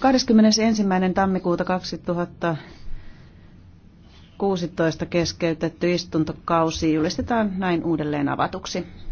21. tammikuuta 2016 keskeytetty istuntokausi julistetaan näin uudelleen avatuksi.